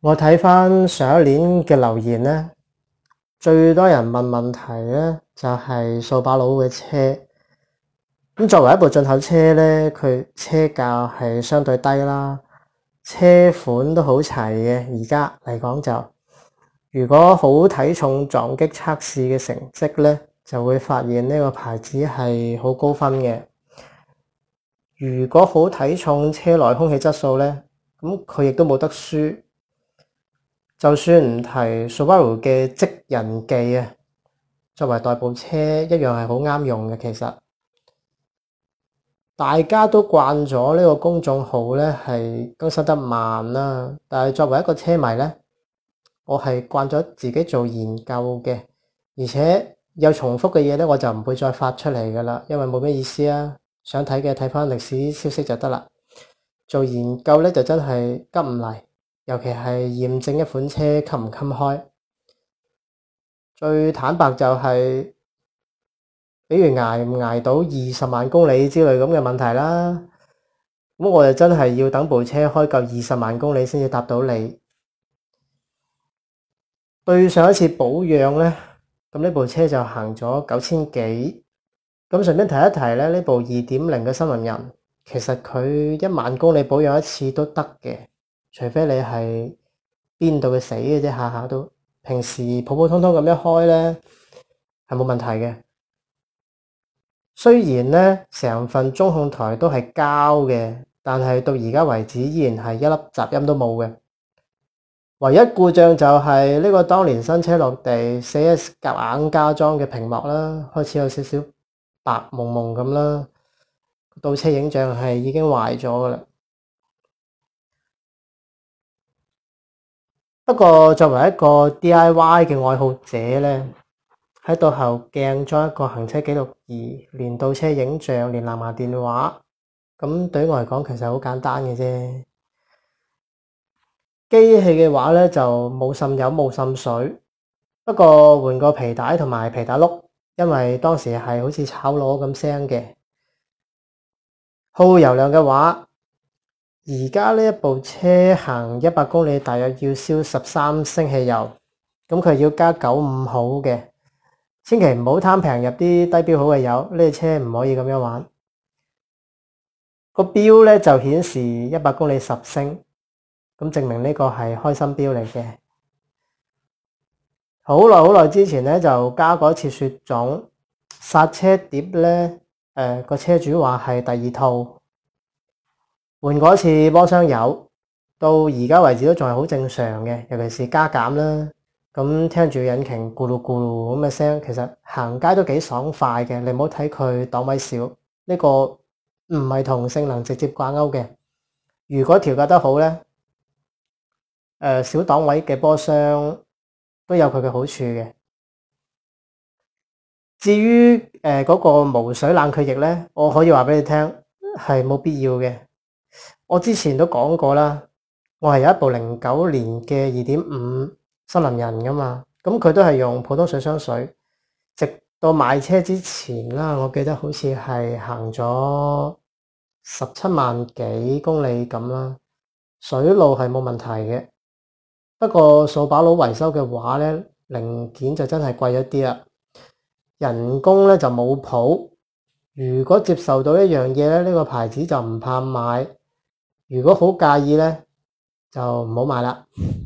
我睇翻上一年嘅留言咧，最多人問問題咧就係掃把佬嘅車。咁作為一部進口車咧，佢車價係相對低啦，車款都好齊嘅。而家嚟講就，如果好睇重撞擊測試嘅成績咧，就會發現呢個牌子係好高分嘅。如果好睇重車內空氣質素咧，咁佢亦都冇得輸。就算唔提 Subaru 嘅職人技啊，作為代步車一樣係好啱用嘅。其實大家都慣咗呢個公眾號呢係更新得慢啦。但係作為一個車迷呢，我係慣咗自己做研究嘅，而且有重複嘅嘢呢，我就唔會再發出嚟噶啦，因為冇咩意思啊。想睇嘅睇翻歷史消息就得啦。做研究呢，就真係急唔嚟。尤其係驗證一款車襟唔襟開，最坦白就係，比如捱唔捱到二十萬公里之類咁嘅問題啦。咁我就真係要等部車開夠二十萬公里先至答到你。對上一次保養呢，咁呢部車就行咗九千幾。咁順便提一提呢，呢部二點零嘅森林人，其實佢一萬公里保養一次都得嘅。除非你係邊度嘅死嘅啫，下下都平時普普通通咁一開咧，係冇問題嘅。雖然咧成份中控台都係膠嘅，但係到而家為止依然係一粒雜音都冇嘅。唯一故障就係呢個當年新車落地四 S 夾硬加裝嘅屏幕啦，開始有少少白蒙蒙咁啦。倒車影像係已經壞咗噶啦。不過作為一個 DIY 嘅愛好者咧，喺度後鏡咗一個行車記錄儀，連倒車影像，連藍牙電話，咁對於我嚟講其實好簡單嘅啫。機器嘅話咧就冇滲油冇滲水，不過換個皮帶同埋皮帶碌，因為當時係好似炒螺咁聲嘅，耗油量嘅話。而家呢一部車行一百公里，大約要燒十三升汽油，咁佢要加九五號嘅，千祈唔好貪平入啲低標號嘅油，呢、呢個車唔可以咁樣玩。個標呢就顯示一百公里十升，咁證明呢個係開心標嚟嘅。好耐好耐之前呢，就加過一次雪種，煞車碟呢，誒、呃、個車主話係第二套。換過一次波箱油，到而家為止都仲係好正常嘅。尤其是加減啦，咁聽住引擎咕嚕咕嚕咁嘅聲，其實行街都幾爽快嘅。你唔好睇佢檔位少，呢個唔係同性能直接掛鈎嘅。如果調教得好咧，誒、呃、小檔位嘅波箱都有佢嘅好處嘅。至於誒嗰個無水冷卻液咧，我可以話俾你聽係冇必要嘅。我之前都講過啦，我係有一部零九年嘅二點五森林人㗎嘛，咁佢都係用普通水箱水，直到買車之前啦，我記得好似係行咗十七萬幾公里咁啦，水路係冇問題嘅。不過掃把佬維修嘅話呢，零件就真係貴一啲啊，人工呢就冇譜。如果接受到一樣嘢咧，呢個牌子就唔怕買。如果好介意呢，就唔好買喇。